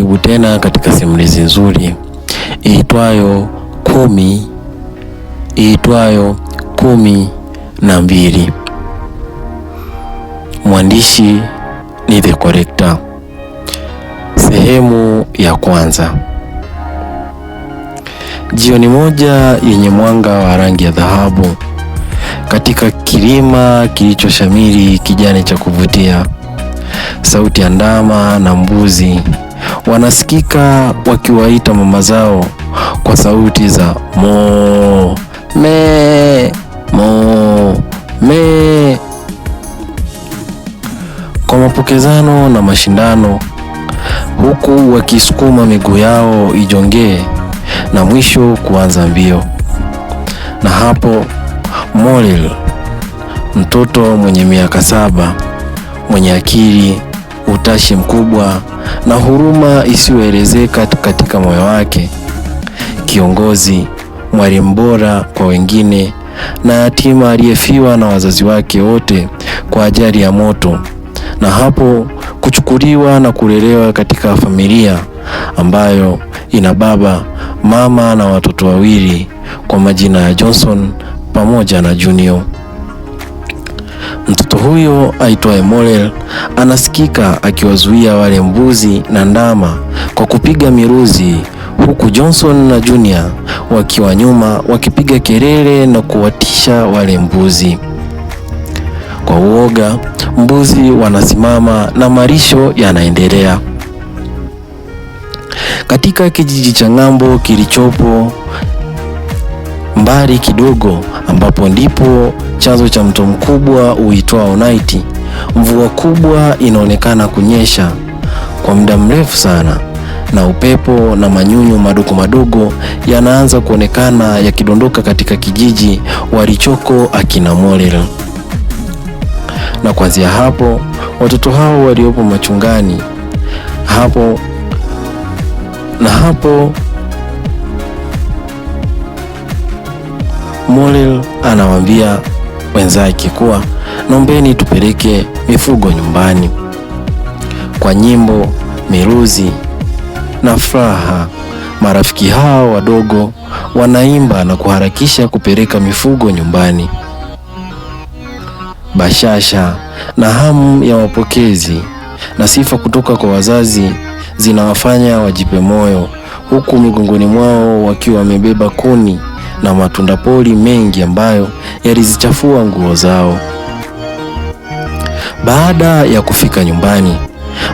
Karibu tena katika simulizi nzuri iitwayo kumi iitwayo kumi na mbili. Mwandishi ni The Collector. Sehemu ya kwanza. Jioni moja yenye mwanga wa rangi ya dhahabu katika kilima kilichoshamiri kijani cha kuvutia, sauti ya ndama na mbuzi wanasikika wakiwaita mama zao kwa sauti za mo me mo me. Kwa mapokezano na mashindano, huku wakisukuma miguu yao ijongee na mwisho kuanza mbio. Na hapo Molil, mtoto mwenye miaka saba, mwenye akili utashi mkubwa na huruma isiyoelezeka katika moyo wake. Kiongozi, mwalimu bora kwa wengine, na yatima aliyefiwa na wazazi wake wote kwa ajali ya moto, na hapo kuchukuliwa na kulelewa katika familia ambayo ina baba, mama na watoto wawili kwa majina ya Johnson pamoja na Junior. Mtoto huyo aitwaye Morel anasikika akiwazuia wale mbuzi na ndama kwa kupiga miruzi, huku Johnson na Junior wakiwa nyuma wakipiga kelele na kuwatisha wale mbuzi. Kwa uoga, mbuzi wanasimama na malisho yanaendelea. Katika kijiji cha ng'ambo kilichopo mbali kidogo, ambapo ndipo chanzo cha mto mkubwa uitwao Naiti, mvua kubwa inaonekana kunyesha kwa muda mrefu sana, na upepo na manyunyu madogo madogo yanaanza kuonekana yakidondoka katika kijiji walichoko akina Morel. Na kuanzia hapo watoto hao waliopo machungani hapo na hapo Morel anawaambia wenzake kuwa nombeni tupeleke mifugo nyumbani kwa nyimbo, miruzi na furaha. Marafiki hao wadogo wanaimba na kuharakisha kupeleka mifugo nyumbani. Bashasha na hamu ya mapokezi na sifa kutoka kwa wazazi zinawafanya wajipe moyo, huku migongoni mwao wakiwa wamebeba kuni na matunda pori mengi ambayo yalizichafua nguo zao. Baada ya kufika nyumbani,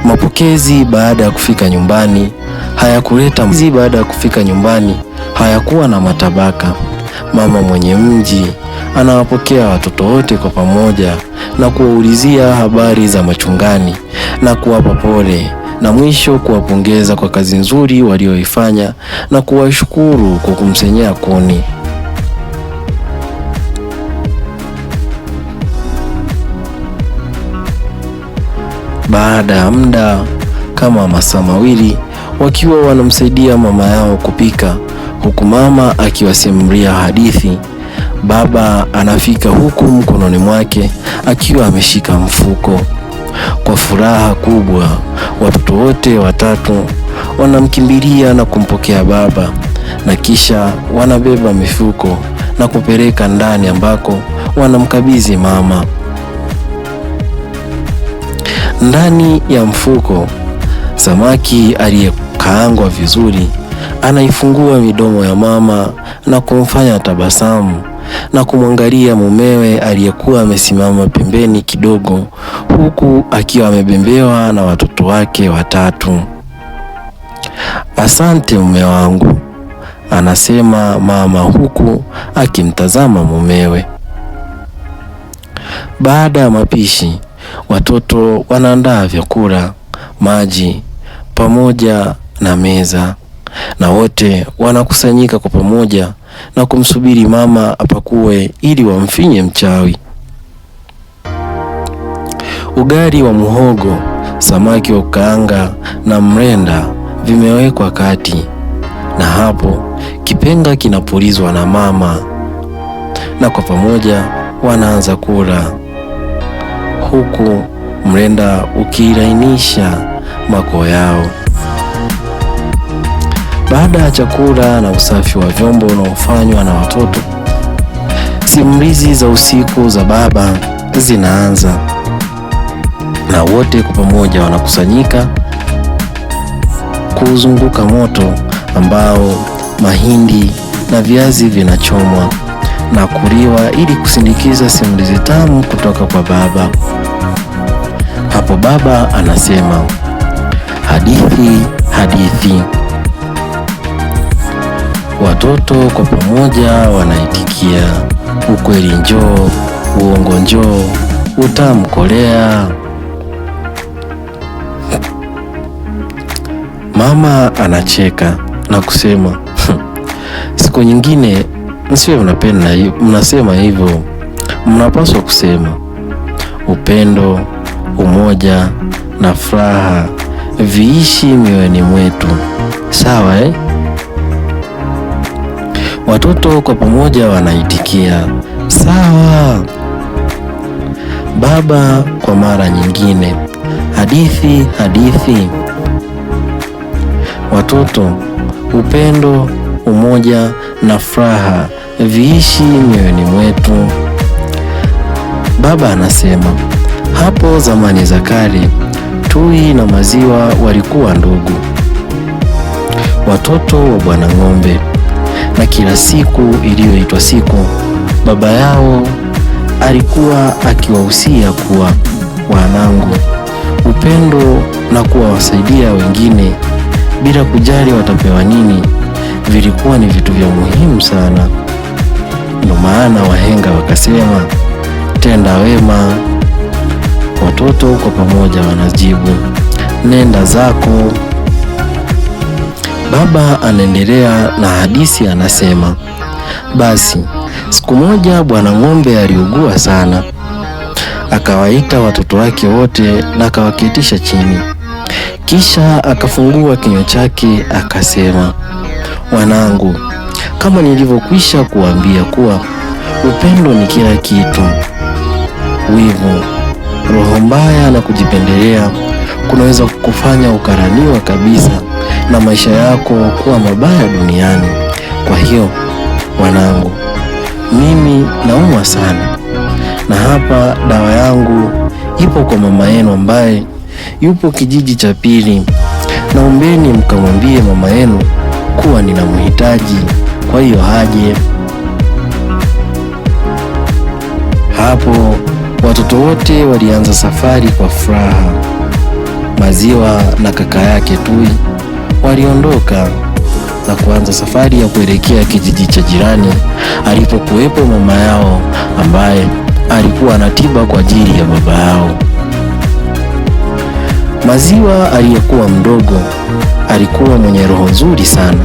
mapokezi baada ya kufika nyumbani hayakuleta mzi. Baada ya kufika nyumbani hayakuwa na matabaka. Mama mwenye mji anawapokea watoto wote kwa pamoja na kuwaulizia habari za machungani na kuwapa pole na mwisho kuwapongeza kwa kazi nzuri walioifanya na kuwashukuru kwa kumsenyea kuni. Baada ya muda kama masaa mawili, wakiwa wanamsaidia mama yao kupika, huku mama akiwasimulia hadithi. Baba anafika huku mkononi mwake akiwa ameshika mfuko. Kwa furaha kubwa, watoto wote watatu wanamkimbilia na kumpokea baba, na kisha wanabeba mifuko na kupeleka ndani ambako wanamkabidhi mama. Ndani ya mfuko, samaki aliyekaangwa vizuri anaifungua midomo ya mama na kumfanya tabasamu na kumwangalia mumewe aliyekuwa amesimama pembeni kidogo, huku akiwa amebembewa na watoto wake watatu. Asante mume wangu, anasema mama huku akimtazama mumewe. Baada ya mapishi Watoto wanaandaa vyakula, maji pamoja na meza, na wote wanakusanyika kwa pamoja na kumsubiri mama apakue ili wamfinye mchawi. Ugali wa muhogo, samaki wa kukaanga na mrenda vimewekwa kati, na hapo kipenga kinapulizwa na mama, na kwa pamoja wanaanza kula huku mrenda ukiirainisha makoo yao. Baada ya chakula na usafi wa vyombo unaofanywa na watoto, simulizi za usiku za baba zinaanza na wote kwa pamoja wanakusanyika kuzunguka moto ambao mahindi na viazi vinachomwa na kuliwa ili kusindikiza simulizi tamu kutoka kwa baba. Hapo baba anasema hadithi hadithi, watoto kwa pamoja wanaitikia ukweli njoo, uongo njoo, utamkolea Mama anacheka na kusema siku nyingine Msiwe mnapenda mnasema hivyo, mnapaswa kusema upendo, umoja na furaha viishi mioyoni mwetu, sawa eh? Watoto kwa pamoja wanaitikia sawa. Baba kwa mara nyingine, hadithi hadithi. Watoto, upendo, umoja na furaha viishi mioyoni mwetu. Baba anasema hapo zamani za kale, tui na maziwa walikuwa ndugu, watoto wa bwana ng'ombe, na kila siku iliyoitwa siku, baba yao alikuwa akiwahusia kuwa wanangu, upendo na kuwawasaidia wengine bila kujali watapewa nini, vilikuwa ni vitu vya muhimu sana. Ndio maana wahenga wakasema, tenda wema watoto kwa pamoja wanajibu, nenda zako. Baba anaendelea na hadithi, anasema basi siku moja bwana ng'ombe aliugua sana, akawaita watoto wake wote na akawaketisha chini, kisha akafungua kinywa chake akasema, wanangu kama nilivyokwisha kuambia kuwa upendo ni kila kitu. Wivu, roho mbaya na kujipendelea kunaweza kukufanya ukaraniwa kabisa na maisha yako kuwa mabaya duniani. Kwa hiyo mwanangu, mimi naumwa sana, na hapa dawa yangu ipo kwa mama yenu ambaye yupo kijiji cha pili. Naombeni mkamwambie mama yenu kuwa ninamhitaji. Kwa hiyo aje hapo. Watoto wote walianza safari kwa furaha. Maziwa na kaka yake Tui waliondoka na kuanza safari ya kuelekea kijiji cha jirani alipokuwepo mama yao ambaye alikuwa anatiba kwa ajili ya baba yao. Maziwa aliyekuwa mdogo alikuwa mwenye roho nzuri sana.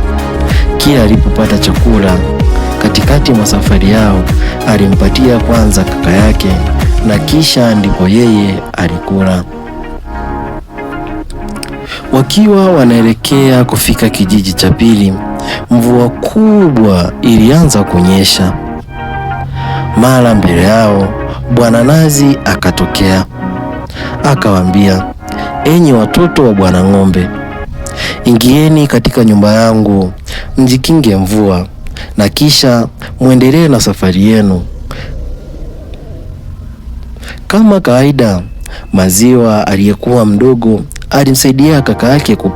Kila alipopata chakula katikati mwa safari yao, alimpatia kwanza kaka yake na kisha ndipo yeye alikula. Wakiwa wanaelekea kufika kijiji cha pili, mvua kubwa ilianza kunyesha. Mara mbele yao Bwana Nazi akatokea akawaambia, enyi watoto wa Bwana Ng'ombe, ingieni katika nyumba yangu mjikinge mvua na kisha mwendelee na safari yenu. Kama kawaida, Maziwa aliyekuwa mdogo alimsaidia kaka yake